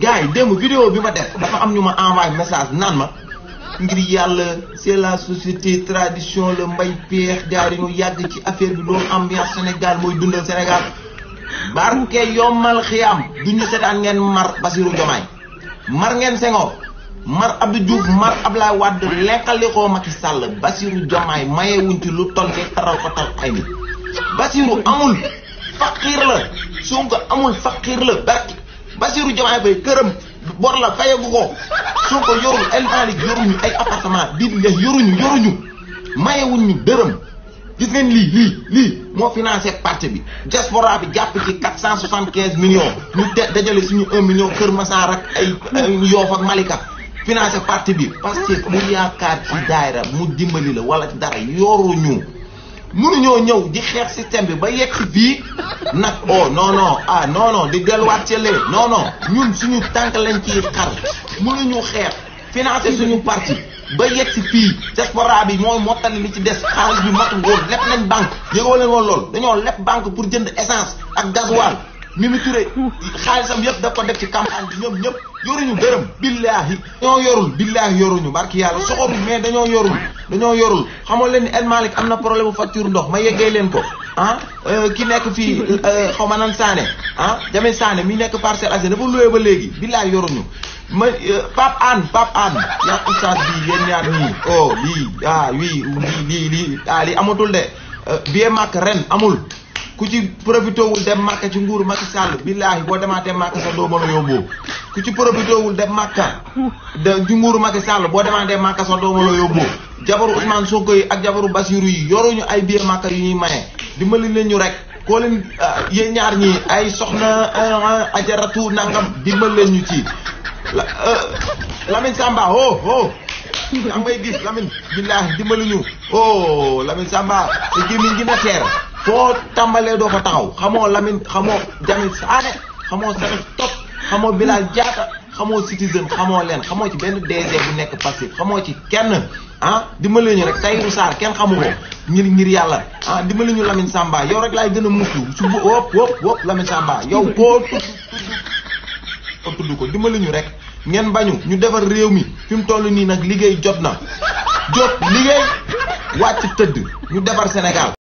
gars démb vidéo bi ma def dafa am ñu ma envoyé message naan ma ngir yàlla c'est la société tradition la mbay peex jaari ñu yàgg ci affaire bi loolu ambiance Sénégal mooy dundal Sénégal barke yombal xiyam du ñu seetaan ngeen mar Basirou Diomaye mar ngeen Senghor mar Abdou Diouf mar Abdoulaye Wade lekkali ko Macky Sall Basirou Diomaye mayewuñ ci lu toll ci taral ko tal ay nit Basirou amul faqiir la Sonko amul faqiir la barki Bassirou Diomaye Faye këram bor la fayagu ko Sonko yorul El yoruñu ay appartement bi lex yoruñu yoruñu mayewuñ ñu dërëm gis lii lii moo financé parti bi diaspora bi jàpp ci quatre cent soixante quinze millions ñu te dajale suñu un million Kër Massar ak ay Yoof ak Malika financé parti bi parce que mu yaakaar ci daayra mu dimbali la wala ci dara yoruñu mënuñoo ñëw di xeex système bi ba yegg fii nag o oh, non non ah non di delluwaat ca lee non ñun suñu tànk lañ ciy xar mënuñu xeex financer suñu parti ba yegg si fii diaspora bi mooy mottali li ci des xaalis bi matul woon leb nañ banque yëgoo leen woon loolu dañoo leb banque pour jënd essence ak gasoil Mimi Touré xaalisam yëpp da ko def ci campagne bi ñoom ñëpp yoruñu dërëm billaahi dañoo yorul billaahi yoruñu barki yàlla soxorul mais dañoo yorul dañoo yorul xamoo leen ni El Malick am na problème bu facture ndox ma yeggee leen ko ah euh, ki nekk fii euh, xaw ma nan Sané ah Jame saane mi nekk Parcelles Assainies dafa luwee ba léegi billaahi yoruñu ma euh, Pape Anne Pape Anne yaa oustaz bi yéen ñaar nii oh lii ah oui lii lii lii ah lii amatul de bien ren amul ku ci profito wul dem Makka ci nguur Macky Sall billahi boo dem Makka sa do mën a yóbbu ku ci profito wul dem Makka de ci nguuru Macky Sall boo demaatee Makka sa doo mën a jabaru usman Sonko yi ak jabaru basiru yi ñu ay billet Makka yu ñuy maye dimbali leen ñu rek ko leen ah, ye ñaar ñi ay soxna ah, ah, ajaratu nangam dimbal leen ñu ci Lamine Samba oh oh am ngay gis Lamine billahi dimbali ñu oh Lamine Samba te min gi na fo tambale do fa taxaw xamoo lamin xamoo Jamil Sané xamoo sa Top xamoo Bilal jaata xamoo Citizen xamoo leen xamoo ci benn DG bu nekk passif xamoo ci kenn ah dimbali ñu rek tay Sarr kenn xamu ko ngir ngir yàlla ah dimbali ñu lamin Samba yow rek lay gëna a su wop wop wop lamin Samba yow koo tuddu ko di ko dimbali ñu rek ngeen bañu ñu defar réew mi fi mu toll nii nag liggéey jot na jot liggéey wàcc tëdd ñu defar Sénégal